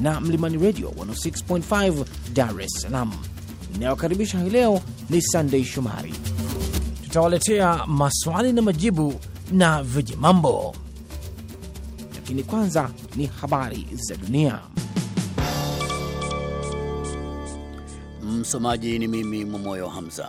na Mlimani Radio 106.5 Dar es Salaam. Inayokaribisha hii leo ni Sandei Shomari. Tutawaletea maswali na majibu na vijimambo, lakini kwanza ni habari za dunia. Msomaji ni mimi Momoyo Hamza.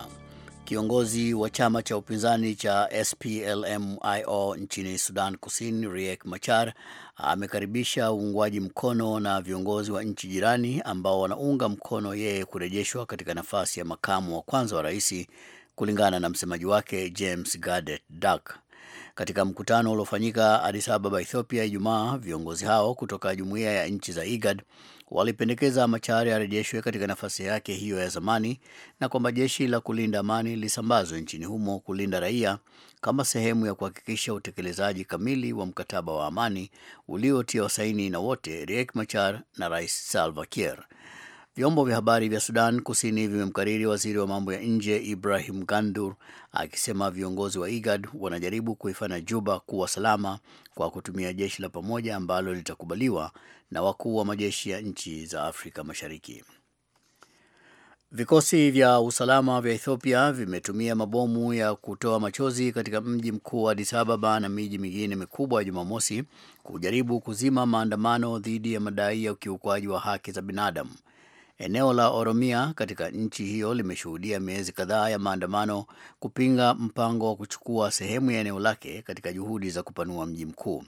Kiongozi wa chama cha upinzani cha splmio nchini Sudan Kusini, Riek Machar amekaribisha uungwaji mkono na viongozi wa nchi jirani ambao wanaunga mkono yeye kurejeshwa katika nafasi ya makamu wa kwanza wa rais, kulingana na msemaji wake James Gadet Dak. Katika mkutano uliofanyika adisababa Ababa, Ethiopia Ijumaa, viongozi hao kutoka jumuiya ya nchi za IGAD walipendekeza Machari arejeshwe katika nafasi yake hiyo ya zamani na kwamba jeshi la kulinda amani lisambazwe nchini humo kulinda raia kama sehemu ya kuhakikisha utekelezaji kamili wa mkataba wa amani uliotia saini na wote Riek Machar na Rais Salva Kiir. Vyombo vya habari vya Sudan Kusini vimemkariri waziri wa mambo ya nje Ibrahim Gandur akisema viongozi wa IGAD wanajaribu kuifanya Juba kuwa salama kwa kutumia jeshi la pamoja ambalo litakubaliwa na wakuu wa majeshi ya nchi za Afrika Mashariki. Vikosi vya usalama vya Ethiopia vimetumia mabomu ya kutoa machozi katika mji mkuu wa Addis Ababa na miji mingine mikubwa ya Jumamosi kujaribu kuzima maandamano dhidi ya madai ya ukiukwaji wa haki za binadamu Eneo la Oromia katika nchi hiyo limeshuhudia miezi kadhaa ya maandamano kupinga mpango wa kuchukua sehemu ya eneo lake katika juhudi za kupanua mji mkuu.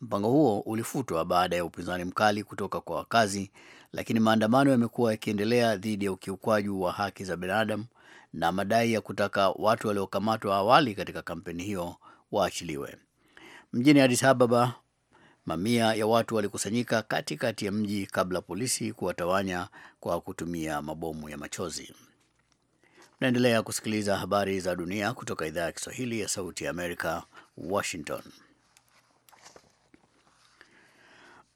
Mpango huo ulifutwa baada ya upinzani mkali kutoka kwa wakazi, lakini maandamano yamekuwa yakiendelea dhidi ya ukiukwaji wa haki za binadamu na madai ya kutaka watu waliokamatwa awali katika kampeni hiyo waachiliwe. Mjini Addis Ababa, Mamia ya watu walikusanyika katikati ya mji kabla polisi kuwatawanya kwa kutumia mabomu ya machozi. Mnaendelea kusikiliza habari za dunia kutoka idhaa ya Kiswahili ya Sauti ya Amerika, Washington.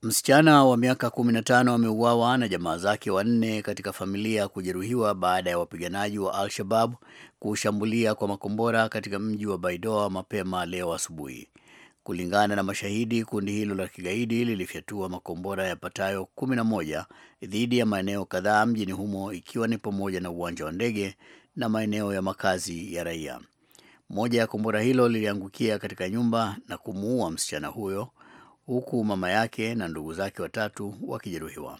Msichana wa miaka 15 ameuawa na jamaa zake wanne katika familia kujeruhiwa baada ya wapiganaji wa Al-Shabab kushambulia kwa makombora katika mji wa Baidoa mapema leo asubuhi. Kulingana na mashahidi, kundi hilo la kigaidi lilifyatua makombora yapatayo 11 dhidi ya maeneo kadhaa mjini humo, ikiwa ni pamoja na uwanja wa ndege na maeneo ya makazi ya raia. Moja ya kombora hilo liliangukia katika nyumba na kumuua msichana huyo, huku mama yake na ndugu zake watatu wakijeruhiwa.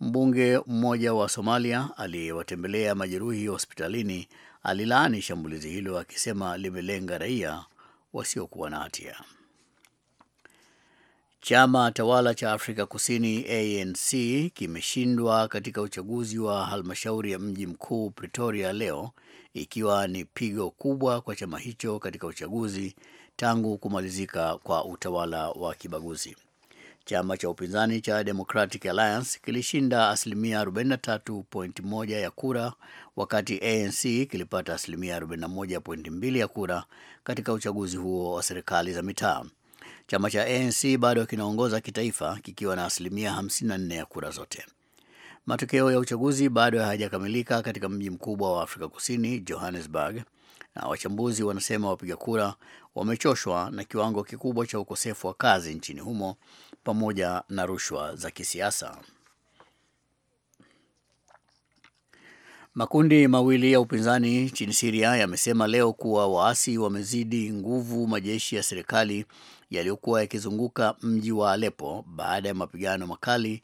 Mbunge mmoja wa Somalia aliyewatembelea majeruhi hospitalini alilaani shambulizi hilo akisema limelenga raia wasiokuwa na hatia. Chama tawala cha Afrika Kusini ANC kimeshindwa katika uchaguzi wa halmashauri ya mji mkuu Pretoria leo, ikiwa ni pigo kubwa kwa chama hicho katika uchaguzi tangu kumalizika kwa utawala wa kibaguzi. Chama cha upinzani cha Democratic Alliance kilishinda asilimia 43.1 ya kura wakati ANC kilipata asilimia 41.2 ya kura katika uchaguzi huo wa serikali za mitaa. Chama cha ANC bado kinaongoza kitaifa kikiwa na asilimia 54 ya kura zote. Matokeo ya uchaguzi bado hayajakamilika katika mji mkubwa wa Afrika Kusini, Johannesburg, na wachambuzi wanasema wapiga kura wamechoshwa na kiwango kikubwa cha ukosefu wa kazi nchini humo pamoja na rushwa za kisiasa. Makundi mawili ya upinzani nchini Siria yamesema leo kuwa waasi wamezidi nguvu majeshi ya serikali yaliyokuwa yakizunguka mji wa alepo baada ya mapigano makali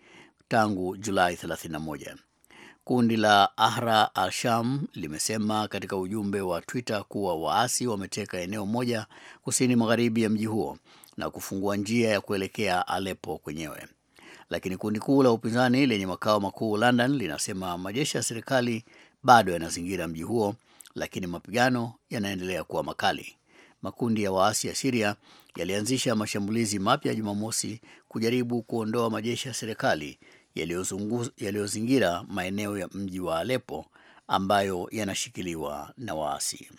tangu Julai 31. Kundi la ahra al-Sham limesema katika ujumbe wa Twitter kuwa waasi wameteka eneo moja kusini magharibi ya mji huo na kufungua njia ya kuelekea alepo kwenyewe. Lakini kundi kuu la upinzani lenye makao makuu London linasema majeshi ya serikali bado yanazingira mji huo, lakini mapigano yanaendelea kuwa makali makundi ya waasi ya Siria yalianzisha mashambulizi mapya Jumamosi kujaribu kuondoa majeshi ya serikali yaliyozingira maeneo ya mji wa Alepo ambayo yanashikiliwa na waasi.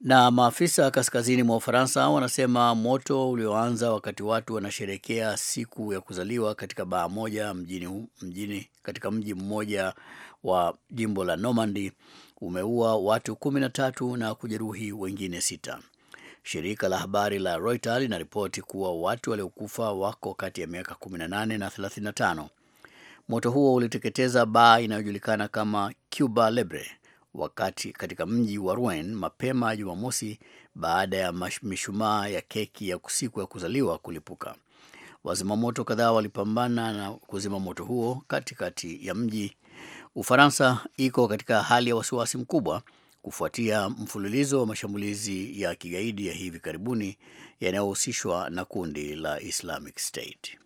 Na maafisa kaskazini mwa Ufaransa wanasema moto ulioanza wakati watu wanasherekea siku ya kuzaliwa katika baa moja mjini, mjini, katika mji mmoja wa jimbo la Normandy umeua watu 13 na kujeruhi wengine sita. Shirika la habari la Reuters linaripoti kuwa watu waliokufa wako kati ya miaka 18 na 35. Moto huo uliteketeza baa inayojulikana kama Cuba Libre wakati katika mji wa Rouen mapema Jumamosi baada ya mishumaa ya keki ya siku ya kuzaliwa kulipuka. Wazimamoto kadhaa walipambana na kuzima moto huo katikati ya mji Ufaransa iko katika hali ya wasiwasi mkubwa kufuatia mfululizo wa mashambulizi ya kigaidi ya hivi karibuni yanayohusishwa na kundi la Islamic State.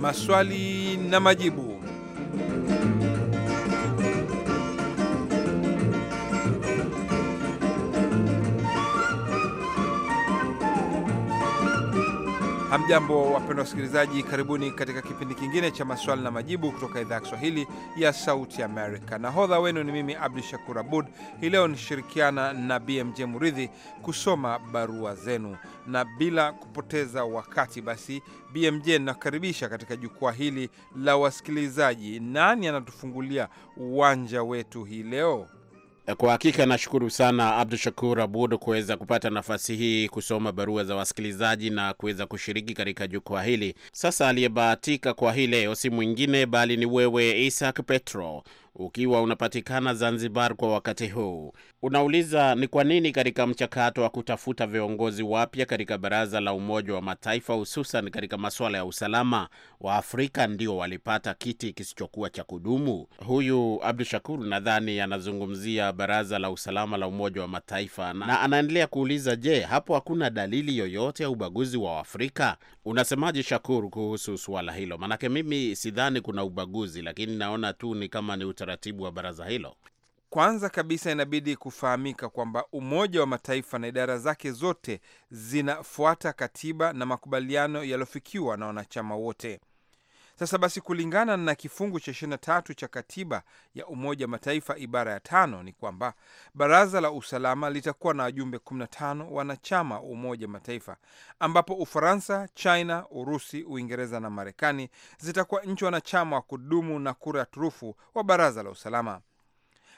Maswali na majibu. Hamjambo, wapendwa wasikilizaji, karibuni katika kipindi kingine cha maswali na majibu kutoka idhaa ya Kiswahili ya Sauti Amerika. Nahodha wenu ni mimi Abdu Shakur Abud. Hii leo nishirikiana na BMJ Muridhi kusoma barua zenu, na bila kupoteza wakati, basi BMJ nakaribisha katika jukwaa hili la wasikilizaji. Nani anatufungulia uwanja wetu hii leo? Eh, kwa hakika nashukuru sana Abdu Shakur Abud kuweza kupata nafasi hii kusoma barua za wasikilizaji na kuweza kushiriki katika jukwaa hili. Sasa aliyebahatika kwa hii leo si mwingine bali ni wewe Isaac Petro, ukiwa unapatikana Zanzibar kwa wakati huu unauliza ni kwa nini katika mchakato wa kutafuta viongozi wapya katika Baraza la Umoja wa Mataifa, hususan katika masuala ya usalama wa Afrika, ndio walipata kiti kisichokuwa cha kudumu. Huyu Abdu Shakur nadhani anazungumzia Baraza la Usalama la Umoja wa Mataifa, na anaendelea kuuliza, je, hapo hakuna dalili yoyote ya ubaguzi wa Afrika? Unasemaje Shakur kuhusu suala hilo? Maanake mimi sidhani kuna ubaguzi, lakini naona tu ni kama ni utaratibu wa baraza hilo. Kwanza kabisa inabidi kufahamika kwamba Umoja wa Mataifa na idara zake zote zinafuata katiba na makubaliano yaliyofikiwa na wanachama wote. Sasa basi, kulingana na kifungu cha tatu cha katiba ya Umoja wa Mataifa ibara ya tano ni kwamba baraza la usalama litakuwa na wajumbe 15 wanachama wa Umoja wa Mataifa, ambapo Ufaransa, China, Urusi, Uingereza na Marekani zitakuwa nchi wanachama wa kudumu na kura ya turufu wa baraza la usalama.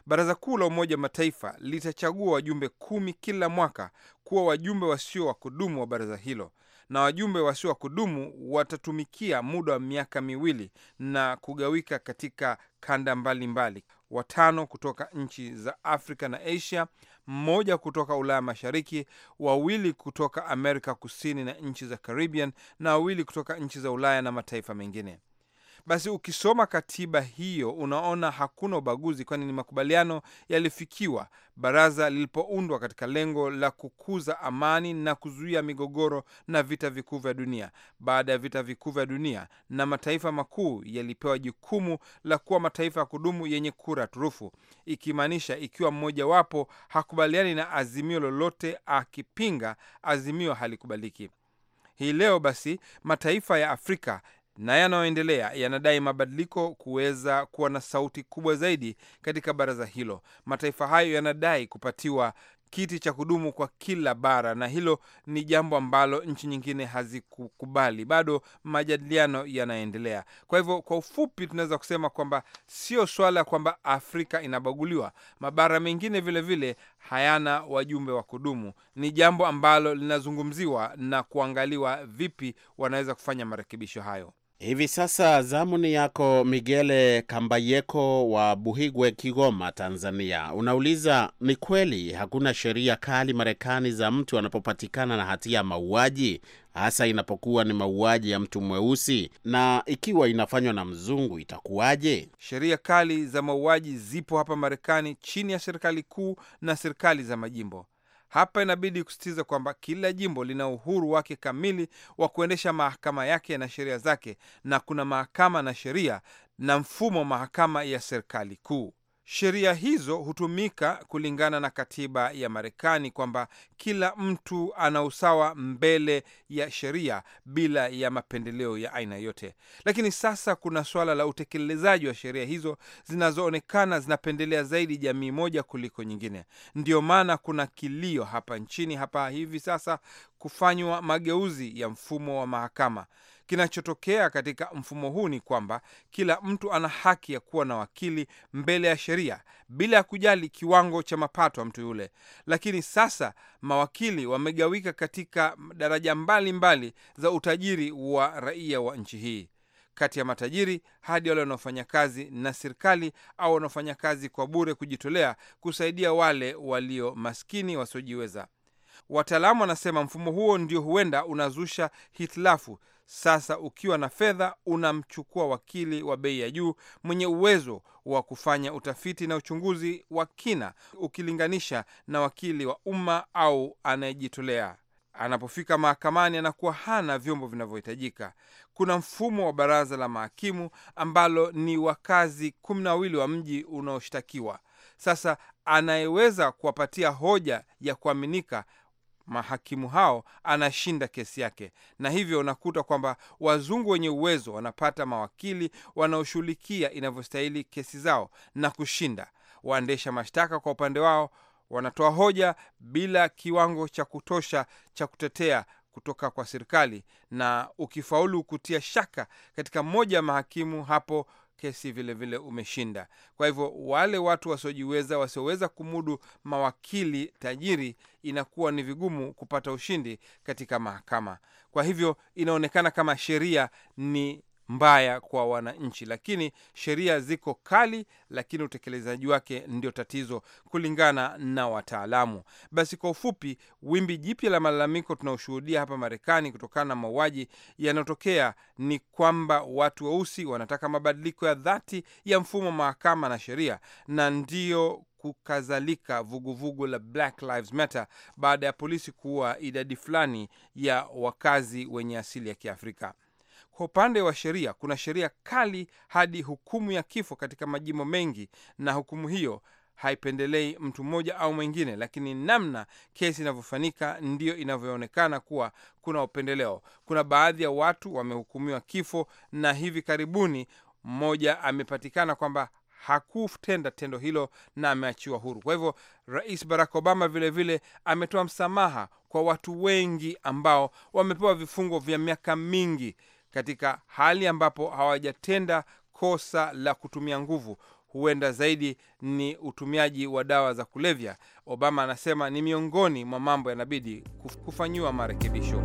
Baraza Kuu la Umoja Mataifa litachagua wajumbe kumi kila mwaka kuwa wajumbe wasio wa kudumu wa baraza hilo, na wajumbe wasio wa kudumu watatumikia muda wa miaka miwili na kugawika katika kanda mbalimbali mbali: watano kutoka nchi za Afrika na Asia, mmoja kutoka Ulaya Mashariki, wawili kutoka Amerika Kusini na nchi za Caribbean, na wawili kutoka nchi za Ulaya na mataifa mengine. Basi ukisoma katiba hiyo unaona hakuna ubaguzi, kwani ni makubaliano yalifikiwa baraza lilipoundwa katika lengo la kukuza amani na kuzuia migogoro na vita vikuu vya dunia. Baada ya vita vikuu vya dunia, na mataifa makuu yalipewa jukumu la kuwa mataifa ya kudumu yenye kura turufu, ikimaanisha ikiwa mmojawapo hakubaliani na azimio lolote, akipinga azimio halikubaliki. Hii leo basi mataifa ya Afrika na yanayoendelea yanadai mabadiliko kuweza kuwa na sauti kubwa zaidi katika baraza hilo. Mataifa hayo yanadai kupatiwa kiti cha kudumu kwa kila bara, na hilo ni jambo ambalo nchi nyingine hazikukubali. Bado majadiliano yanaendelea. Kwa hivyo, kwa ufupi, tunaweza kusema kwamba sio swala kwamba Afrika inabaguliwa. Mabara mengine vilevile vile hayana wajumbe wa kudumu. Ni jambo ambalo linazungumziwa na kuangaliwa vipi wanaweza kufanya marekebisho hayo. Hivi sasa zamu ni yako Migele Kambayeko wa Buhigwe, Kigoma, Tanzania. Unauliza, ni kweli hakuna sheria kali Marekani za mtu anapopatikana na hatia ya mauaji, hasa inapokuwa ni mauaji ya mtu mweusi? Na ikiwa inafanywa na mzungu itakuwaje? Sheria kali za mauaji zipo hapa Marekani chini ya serikali kuu na serikali za majimbo. Hapa inabidi kusisitiza kwamba kila jimbo lina uhuru wake kamili wa kuendesha mahakama yake na sheria zake, na kuna mahakama na sheria na mfumo wa mahakama ya serikali kuu. Sheria hizo hutumika kulingana na katiba ya Marekani kwamba kila mtu ana usawa mbele ya sheria bila ya mapendeleo ya aina yote. Lakini sasa kuna suala la utekelezaji wa sheria hizo zinazoonekana zinapendelea zaidi jamii moja kuliko nyingine. Ndiyo maana kuna kilio hapa nchini hapa hivi sasa kufanywa mageuzi ya mfumo wa mahakama. Kinachotokea katika mfumo huu ni kwamba kila mtu ana haki ya kuwa na wakili mbele ya sheria bila ya kujali kiwango cha mapato ya mtu yule. Lakini sasa mawakili wamegawika katika daraja mbalimbali mbali za utajiri wa raia wa nchi hii, kati ya matajiri hadi wale wanaofanya kazi na serikali au wanaofanya kazi kwa bure, kujitolea kusaidia wale walio maskini wasiojiweza. Wataalamu wanasema mfumo huo ndio huenda unazusha hitilafu sasa ukiwa na fedha unamchukua wakili wa bei ya juu mwenye uwezo wa kufanya utafiti na uchunguzi wa kina, ukilinganisha na wakili wa umma au anayejitolea. Anapofika mahakamani, anakuwa hana vyombo vinavyohitajika. Kuna mfumo wa baraza la mahakimu ambalo ni wakazi kumi na wawili wa mji unaoshtakiwa. Sasa anayeweza kuwapatia hoja ya kuaminika mahakimu hao anashinda kesi yake, na hivyo unakuta kwamba wazungu wenye uwezo wanapata mawakili wanaoshughulikia inavyostahili kesi zao na kushinda. Waendesha mashtaka kwa upande wao wanatoa hoja bila kiwango cha kutosha cha kutetea kutoka kwa serikali, na ukifaulu kutia shaka katika mmoja ya mahakimu hapo kesi vilevile vile umeshinda. Kwa hivyo wale watu wasiojiweza, wasioweza kumudu mawakili tajiri, inakuwa ni vigumu kupata ushindi katika mahakama. Kwa hivyo inaonekana kama sheria ni mbaya kwa wananchi, lakini sheria ziko kali, lakini utekelezaji wake ndio tatizo, kulingana na wataalamu. Basi kwa ufupi, wimbi jipya la malalamiko tunaoshuhudia hapa Marekani kutokana na mauaji yanayotokea ni kwamba watu weusi wanataka mabadiliko ya dhati ya mfumo wa mahakama na sheria, na ndio kukazalika vuguvugu la Black Lives Matter baada ya polisi kuua idadi fulani ya wakazi wenye asili ya Kiafrika. Kwa upande wa sheria, kuna sheria kali hadi hukumu ya kifo katika majimbo mengi, na hukumu hiyo haipendelei mtu mmoja au mwingine, lakini namna kesi inavyofanyika ndiyo inavyoonekana kuwa kuna upendeleo. Kuna baadhi ya watu wamehukumiwa kifo, na hivi karibuni mmoja amepatikana kwamba hakutenda tendo hilo na ameachiwa huru. Kwa hivyo Rais Barack Obama vilevile ametoa msamaha kwa watu wengi ambao wamepewa vifungo vya miaka mingi katika hali ambapo hawajatenda kosa la kutumia nguvu, huenda zaidi ni utumiaji wa dawa za kulevya. Obama anasema ni miongoni mwa mambo yanabidi kufanyiwa marekebisho.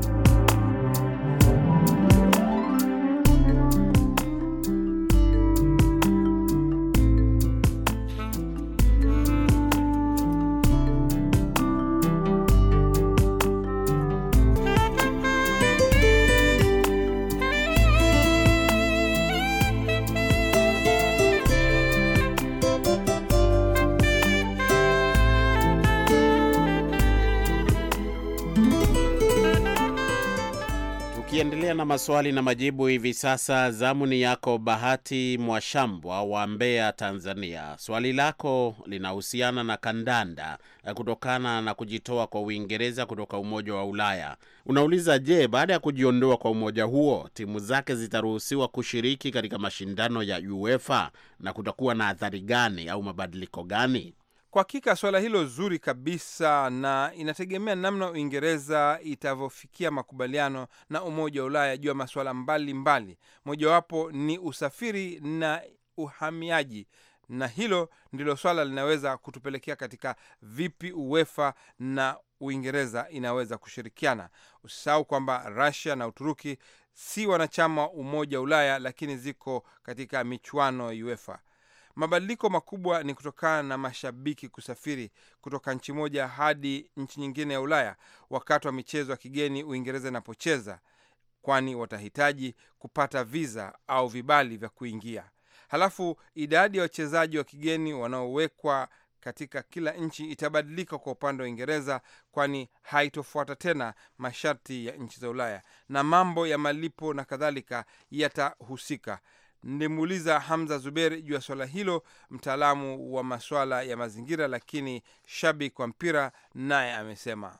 maswali na majibu hivi sasa. Zamu ni yako Bahati Mwashambwa wa Mbeya, Tanzania. Swali lako linahusiana na kandanda eh, kutokana na kujitoa kwa Uingereza kutoka Umoja wa Ulaya. Unauliza, je, baada ya kujiondoa kwa umoja huo timu zake zitaruhusiwa kushiriki katika mashindano ya UEFA na kutakuwa na athari gani au mabadiliko gani? Kwa hakika suala hilo zuri kabisa, na inategemea namna Uingereza itavyofikia makubaliano na Umoja wa Ulaya juu ya masuala mbalimbali, mojawapo ni usafiri na uhamiaji, na hilo ndilo swala linaweza kutupelekea katika vipi UEFA na Uingereza inaweza kushirikiana. Usisahau kwamba Russia na Uturuki si wanachama wa Umoja wa Ulaya, lakini ziko katika michuano ya UEFA. Mabadiliko makubwa ni kutokana na mashabiki kusafiri kutoka nchi moja hadi nchi nyingine ya Ulaya wakati wa michezo ya kigeni Uingereza inapocheza, kwani watahitaji kupata viza au vibali vya kuingia. Halafu idadi ya wachezaji wa kigeni wanaowekwa katika kila nchi itabadilika kwa upande wa Uingereza, kwani haitofuata tena masharti ya nchi za Ulaya, na mambo ya malipo na kadhalika yatahusika. Nilimuuliza Hamza Zuber juu ya swala hilo, mtaalamu wa maswala ya mazingira, lakini shabiki wa mpira naye amesema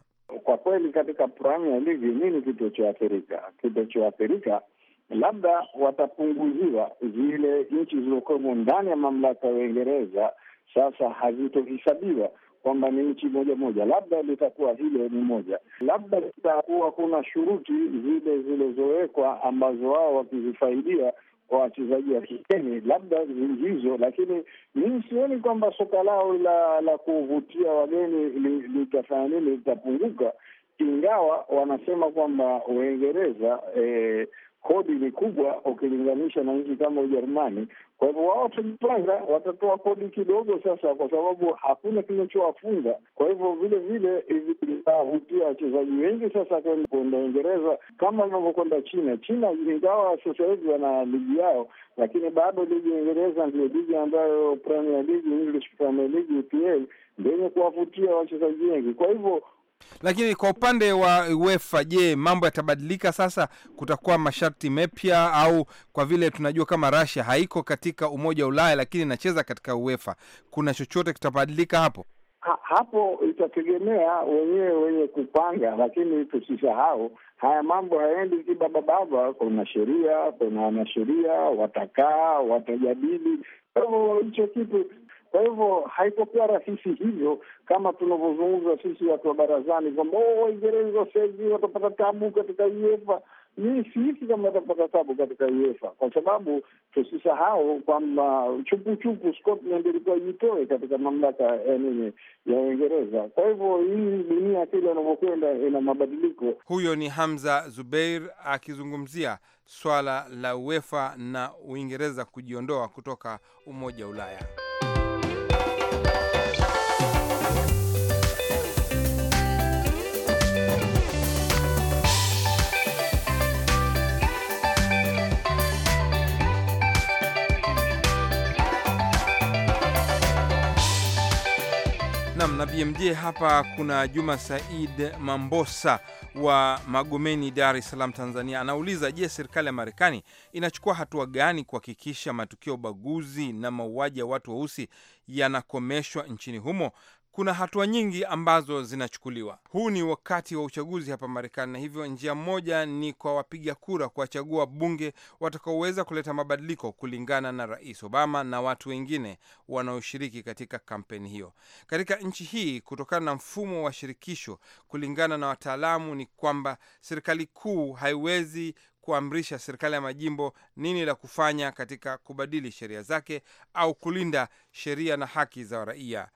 kwa kweli, katika Premier League nini kitochoathirika? Kitochoathirika labda watapunguziwa zile nchi zilizokuwemo ndani ya mamlaka ya Uingereza, sasa hazitohesabiwa kwamba ni nchi moja moja, labda litakuwa hilo ni moja, labda litakuwa kuna shuruti zile zilizowekwa ambazo wao wakizifaidia kwa wachezaji wa kigeni, labda hizo, lakini mimi sioni kwamba soka lao la la kuvutia wageni litafanya nini, litapunguka, ingawa wanasema kwamba Uingereza eh, kodi ni kubwa ukilinganisha na nchi kama Ujerumani. Kwa hivyo wao tumepanga watatoa kodi kidogo sasa, kwa sababu hakuna kinachowafunga. Kwa hivyo vile vile vitavutia wachezaji wengi sasa kwenda Uingereza kama inavyokwenda China. China ingawa sasa hivi wana ligi yao, lakini bado ligi ya Uingereza ndio ligi ambayo Premier League, English Premier League, EPL ndio yenye kuwavutia wachezaji wengi. Kwa hivyo lakini kwa upande wa UEFA, je, mambo yatabadilika sasa? Kutakuwa masharti mepya, au kwa vile tunajua kama Russia haiko katika umoja wa Ulaya lakini inacheza katika UEFA, kuna chochote kitabadilika hapo? Ha, hapo itategemea wenyewe wenye kupanga, lakini tusisahau haya mambo hayaendi kibabababa. Kuna sheria, kuna wanasheria watakaa, watajadili hicho kitu kwa hivyo haikokuwa rahisi hivyo kama tunavyozungumza sisi watu wa barazani kwamba oh, Waingereza sahizi watapata tabu katika UEFA. Mii sihisi kama watapata tabu katika UEFA kwa sababu tusisahau kwamba chupuchupu Scotland ilikuwa jitoe katika mamlaka ya nini ya Uingereza. Kwa hivyo hii dunia kile inavyokwenda ina mabadiliko. Huyo ni Hamza Zubeir akizungumzia swala la UEFA na Uingereza kujiondoa kutoka Umoja wa Ulaya. na BMJ hapa. Kuna Juma Said Mambosa wa Magomeni, Dar es Salaam, Tanzania, anauliza je, serikali ya Marekani inachukua hatua gani kuhakikisha matukio ya ubaguzi na mauaji ya watu weusi yanakomeshwa nchini humo, kuna hatua nyingi ambazo zinachukuliwa. Huu ni wakati wa uchaguzi hapa Marekani, na hivyo njia moja ni kwa wapiga kura kuwachagua bunge watakaoweza kuleta mabadiliko kulingana na Rais Obama na watu wengine wanaoshiriki katika kampeni hiyo katika nchi hii. Kutokana na mfumo wa shirikisho, kulingana na wataalamu, ni kwamba serikali kuu haiwezi kuamrisha serikali ya majimbo nini la kufanya katika kubadili sheria zake au kulinda sheria na haki za raia.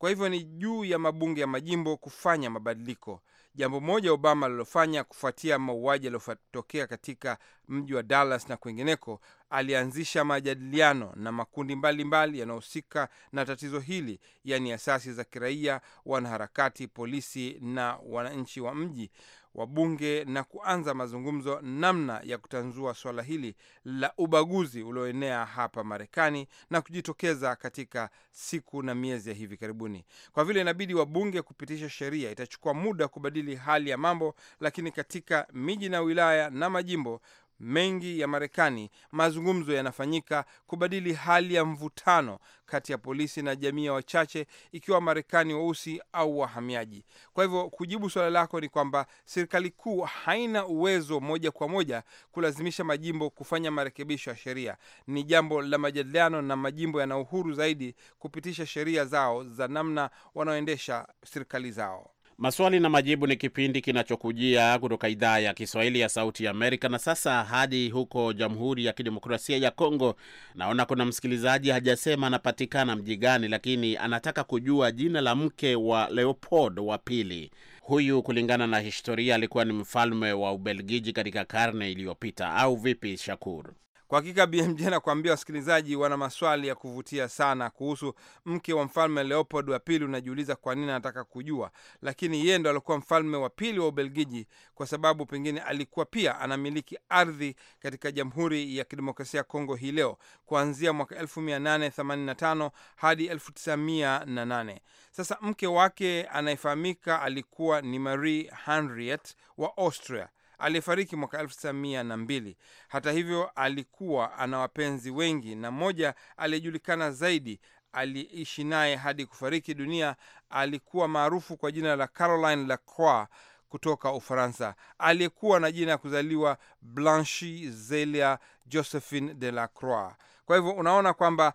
Kwa hivyo ni juu ya mabunge ya majimbo kufanya mabadiliko. Jambo moja Obama alilofanya kufuatia mauaji yaliyotokea katika mji wa Dallas na kwingineko, alianzisha majadiliano na makundi mbalimbali yanayohusika na tatizo hili, yaani asasi za kiraia, wanaharakati, polisi na wananchi wa mji, wa bunge na kuanza mazungumzo namna ya kutanzua suala hili la ubaguzi ulioenea hapa Marekani na kujitokeza katika siku na miezi ya hivi karibuni. Kwa vile inabidi wabunge kupitisha sheria, itachukua muda kubadili hali ya mambo, lakini katika miji na wilaya na majimbo mengi ya Marekani mazungumzo yanafanyika kubadili hali ya mvutano kati ya polisi na jamii ya wachache, ikiwa marekani weusi au wahamiaji. Kwa hivyo kujibu suala lako ni kwamba serikali kuu haina uwezo moja kwa moja kulazimisha majimbo kufanya marekebisho ya sheria. Ni jambo la majadiliano, na majimbo yana uhuru zaidi kupitisha sheria zao za namna wanaoendesha serikali zao. Maswali na Majibu ni kipindi kinachokujia kutoka idhaa ya Kiswahili ya Sauti Amerika. Na sasa hadi huko Jamhuri ya Kidemokrasia ya Kongo, naona kuna msikilizaji hajasema anapatikana mji gani, lakini anataka kujua jina la mke wa Leopold wa pili. Huyu kulingana na historia alikuwa ni mfalme wa Ubelgiji katika karne iliyopita, au vipi, Shakur? Kwa hakika BMJ nakuambia wasikilizaji wana maswali ya kuvutia sana kuhusu mke wa mfalme Leopold wa pili. Unajiuliza kwa nini anataka kujua, lakini yeye ndo alikuwa mfalme wa pili wa Ubelgiji, kwa sababu pengine alikuwa pia anamiliki ardhi katika Jamhuri ya Kidemokrasia ya Kongo hii leo kuanzia mwaka 1885 hadi 1908. Sasa mke wake anayefahamika alikuwa ni Marie Henriette wa Austria aliyefariki mwaka 1902. Hata hivyo, alikuwa ana wapenzi wengi na mmoja aliyejulikana zaidi aliishi naye hadi kufariki dunia. Alikuwa maarufu kwa jina la Caroline Lacroix kutoka Ufaransa, aliyekuwa na jina ya kuzaliwa Blanche Zelia Josephine de la Croix. Kwa hivyo unaona kwamba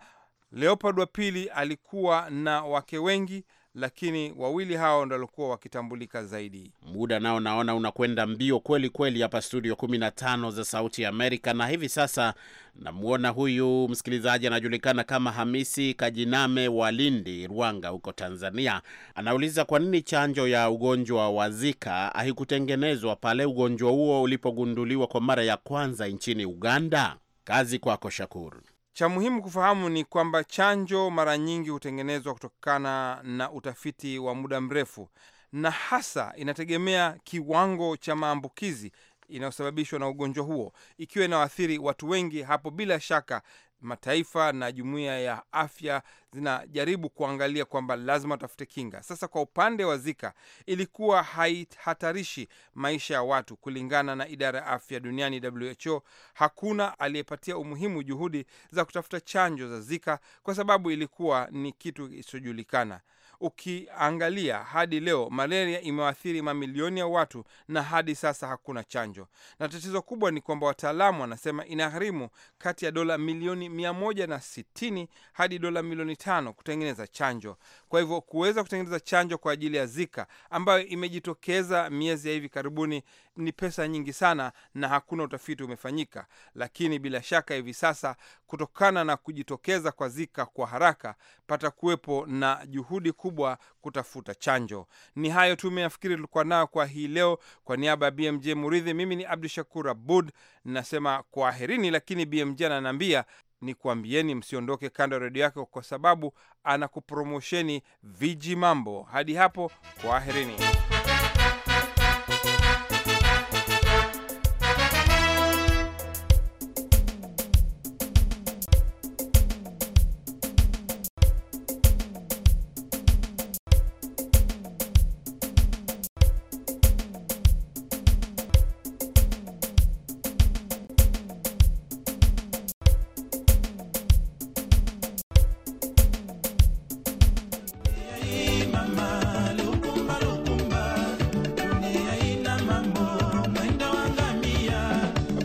Leopold wa pili alikuwa na wake wengi lakini wawili hao ndo walikuwa wakitambulika zaidi. Muda nao naona unakwenda mbio kweli kweli hapa studio 15 za Sauti ya Amerika, na hivi sasa namwona huyu msikilizaji anajulikana kama Hamisi Kajiname wa Lindi, Rwanga huko Tanzania. Anauliza kwa nini chanjo ya ugonjwa wa Zika haikutengenezwa pale ugonjwa huo ulipogunduliwa kwa mara ya kwanza nchini Uganda. Kazi kwako Shakuru. Cha muhimu kufahamu ni kwamba chanjo mara nyingi hutengenezwa kutokana na utafiti wa muda mrefu, na hasa inategemea kiwango cha maambukizi inayosababishwa na ugonjwa huo. Ikiwa inawaathiri watu wengi, hapo bila shaka mataifa na jumuiya ya afya zinajaribu kuangalia kwamba lazima watafute kinga. Sasa kwa upande wa Zika ilikuwa haihatarishi maisha ya watu, kulingana na idara ya afya duniani WHO. Hakuna aliyepatia umuhimu juhudi za kutafuta chanjo za Zika kwa sababu ilikuwa ni kitu isichojulikana. Ukiangalia hadi leo, malaria imewaathiri mamilioni ya watu na hadi sasa hakuna chanjo, na tatizo kubwa ni kwamba wataalamu wanasema inagharimu kati ya dola milioni 160 hadi dola milioni tano kutengeneza chanjo. Kwa hivyo kuweza kutengeneza chanjo kwa ajili ya Zika ambayo imejitokeza miezi ya hivi karibuni ni pesa nyingi sana, na hakuna utafiti umefanyika. Lakini bila shaka hivi sasa, kutokana na kujitokeza kwa Zika kwa haraka, patakuwepo na juhudi kubwa kutafuta chanjo. Ni hayo tu meafikiri tulikuwa nayo kwa hii leo. Kwa niaba ya BMJ Muridhi, mimi ni Abdu Shakur Abud nasema kwaherini, lakini BMJ ananiambia ni kuambieni msiondoke kando ya redio yake, kwa sababu anakupromosheni viji mambo. Hadi hapo kwaherini.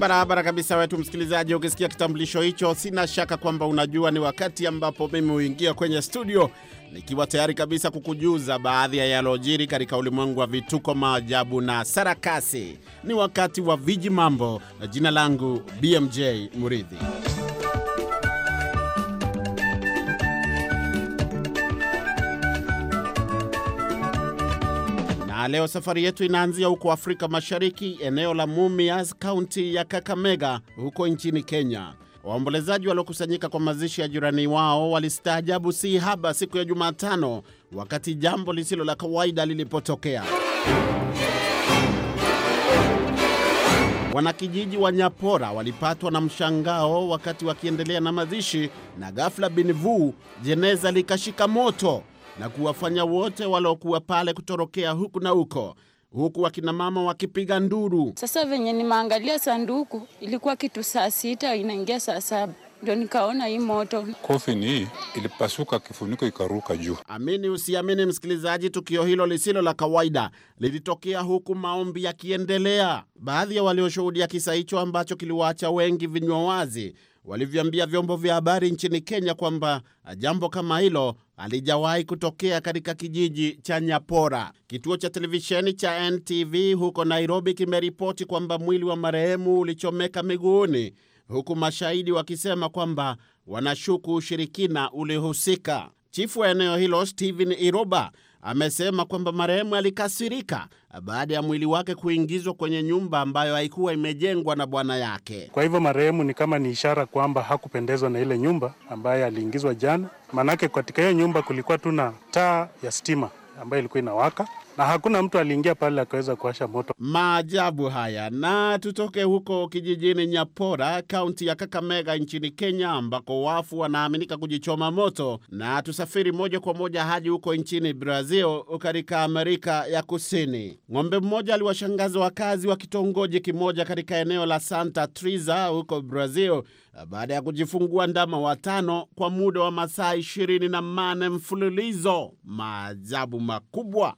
barabara kabisa wetu msikilizaji, ukisikia kitambulisho hicho, sina shaka kwamba unajua ni wakati ambapo mimi huingia kwenye studio nikiwa tayari kabisa kukujuza baadhi ya yalojiri katika ulimwengu wa vituko, maajabu na sarakasi. Ni wakati wa viji mambo, na jina langu BMJ Muridhi. leo safari yetu inaanzia huko Afrika Mashariki, eneo la Mumias, kaunti ya Kakamega, huko nchini Kenya. Waombolezaji waliokusanyika kwa mazishi ya jirani wao walistaajabu si haba siku ya Jumatano wakati jambo lisilo la kawaida lilipotokea. Wanakijiji wa Nyapora walipatwa na mshangao wakati wakiendelea na mazishi, na ghafla binvu jeneza likashika moto na kuwafanya wote waliokuwa pale kutorokea huku na huko, huku wakinamama wakipiga nduru. Sasa venye nimeangalia sanduku ilikuwa kitu saa sita inaingia saa saba ndio nikaona hii moto kofini hii ilipasuka, kifuniko ikaruka juu. Amini usiamini, msikilizaji, tukio hilo lisilo la kawaida lilitokea huku maombi yakiendelea. Baadhi ya walioshuhudia kisa hicho ambacho kiliwaacha wengi vinywa wazi walivyoambia vyombo vya habari nchini Kenya kwamba jambo kama hilo alijawahi kutokea katika kijiji cha Nyapora. Kituo cha televisheni cha NTV huko Nairobi kimeripoti kwamba mwili wa marehemu ulichomeka miguuni, huku mashahidi wakisema kwamba wanashuku ushirikina ulihusika. Chifu wa eneo hilo Steven Iroba amesema kwamba marehemu alikasirika baada ya mwili wake kuingizwa kwenye nyumba ambayo haikuwa imejengwa na bwana yake. Kwa hivyo marehemu ni kama ni ishara kwamba hakupendezwa na ile nyumba ambayo aliingizwa jana, maanake katika hiyo nyumba kulikuwa tu na taa ya stima ambayo ilikuwa inawaka na hakuna mtu aliingia pale akaweza kuwasha moto. Maajabu haya. Na tutoke huko kijijini Nyapora, kaunti ya Kakamega nchini Kenya, ambako wafu wanaaminika kujichoma moto, na tusafiri moja kwa moja hadi huko nchini Brazil, katika Amerika ya Kusini. Ng'ombe mmoja aliwashangaza wakazi wa kitongoji kimoja katika eneo la Santa Triza huko Brazil baada ya kujifungua ndama watano kwa muda wa masaa ishirini na mane mfululizo. Maajabu makubwa.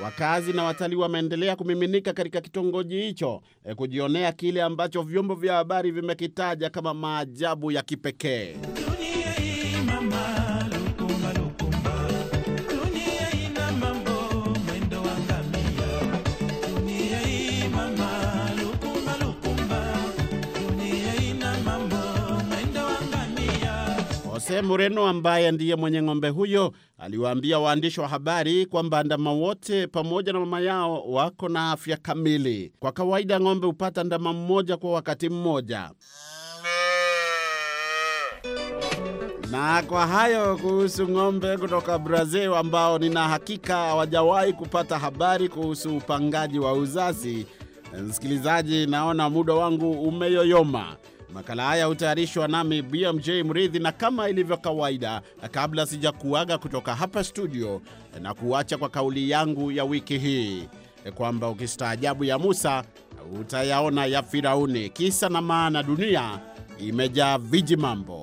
Wakazi na watalii wameendelea kumiminika katika kitongoji hicho e, kujionea kile ambacho vyombo vya habari vimekitaja kama maajabu ya kipekee. Jose Moreno ambaye ndiye mwenye ng'ombe huyo aliwaambia waandishi wa habari kwamba ndama wote pamoja na mama yao wako na afya kamili. Kwa kawaida ng'ombe hupata ndama mmoja kwa wakati mmoja. Na kwa hayo kuhusu ng'ombe kutoka Brazil ambao nina hakika hawajawahi kupata habari kuhusu upangaji wa uzazi. Msikilizaji, naona muda wangu umeyoyoma. Makala haya hutayarishwa nami BMJ Mridhi, na kama ilivyo kawaida, kabla sijakuaga kutoka hapa studio, na kuacha kwa kauli yangu ya wiki hii kwamba ukistaajabu ya Musa utayaona ya Firauni. Kisa na maana, dunia imejaa viji mambo.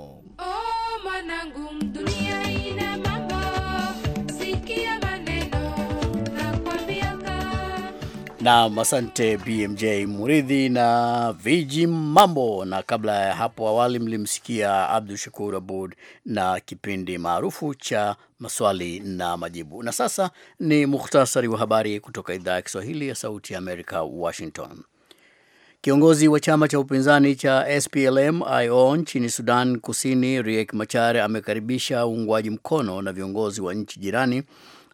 na asante BMJ Muridhi na Viji Mambo. Na kabla ya hapo awali, mlimsikia Abdu Shakur Abud na kipindi maarufu cha maswali na majibu. Na sasa ni mukhtasari wa habari kutoka idhaa ya Kiswahili ya Sauti ya Amerika, Washington. Kiongozi wa chama cha upinzani cha SPLM-IO nchini Sudan Kusini, Riek Machar amekaribisha uungwaji mkono na viongozi wa nchi jirani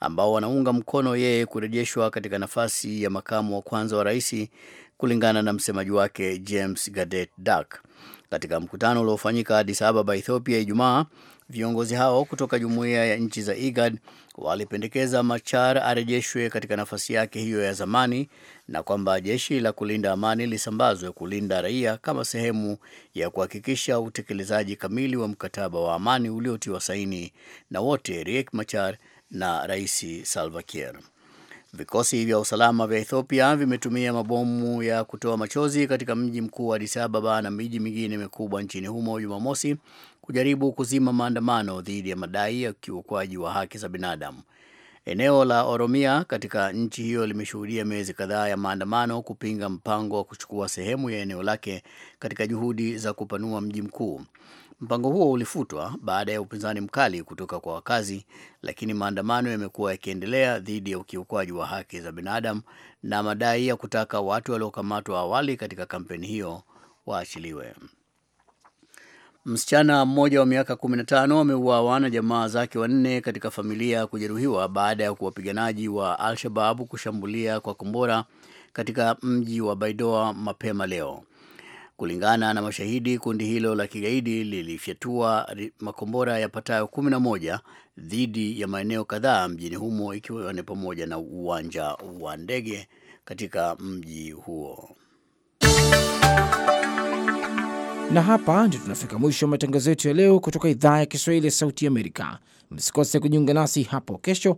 ambao wanaunga mkono yeye kurejeshwa katika nafasi ya makamu wa kwanza wa rais, kulingana na msemaji wake James Gadet Dak. Katika mkutano uliofanyika Addis Ababa, Ethiopia, Ijumaa, viongozi hao kutoka jumuiya ya nchi za IGAD walipendekeza Machar arejeshwe katika nafasi yake hiyo ya zamani na kwamba jeshi la kulinda amani lisambazwe kulinda raia kama sehemu ya kuhakikisha utekelezaji kamili wa mkataba wa amani uliotiwa saini na wote Riek Machar na Rais Salva Kiir. Vikosi vya usalama vya Ethiopia vimetumia mabomu ya kutoa machozi katika mji mkuu wa Addis Ababa na miji mingine mikubwa nchini humo Jumamosi kujaribu kuzima maandamano dhidi ya madai ya ukiukwaji wa haki za binadamu. Eneo la Oromia katika nchi hiyo limeshuhudia miezi kadhaa ya maandamano kupinga mpango wa kuchukua sehemu ya eneo lake katika juhudi za kupanua mji mkuu. Mpango huo ulifutwa baada ya upinzani mkali kutoka kwa wakazi, lakini maandamano yamekuwa yakiendelea dhidi ya ukiukwaji wa haki za binadamu na madai ya kutaka watu waliokamatwa awali katika kampeni hiyo waachiliwe. Msichana mmoja wa miaka 15 ameuawa na jamaa zake wanne katika familia kujeruhiwa baada ya wapiganaji wa Al-Shabaab kushambulia kwa kombora katika mji wa Baidoa mapema leo. Kulingana na mashahidi, kundi hilo la kigaidi lilifyatua makombora yapatayo 11 dhidi ya maeneo kadhaa mjini humo ikiwa ni pamoja na uwanja wa ndege katika mji huo. Na hapa ndio tunafika mwisho wa matangazo yetu ya leo kutoka idhaa ya Kiswahili ya Sauti Amerika. Msikose kujiunga nasi hapo kesho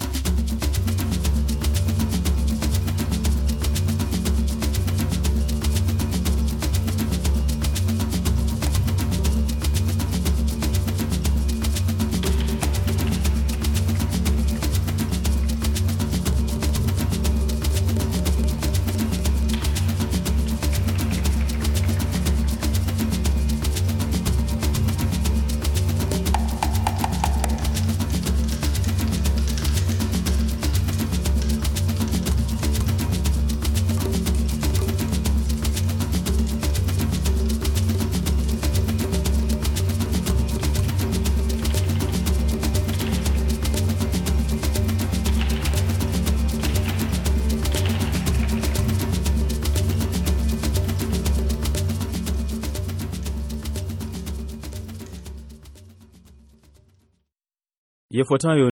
Yafuatayo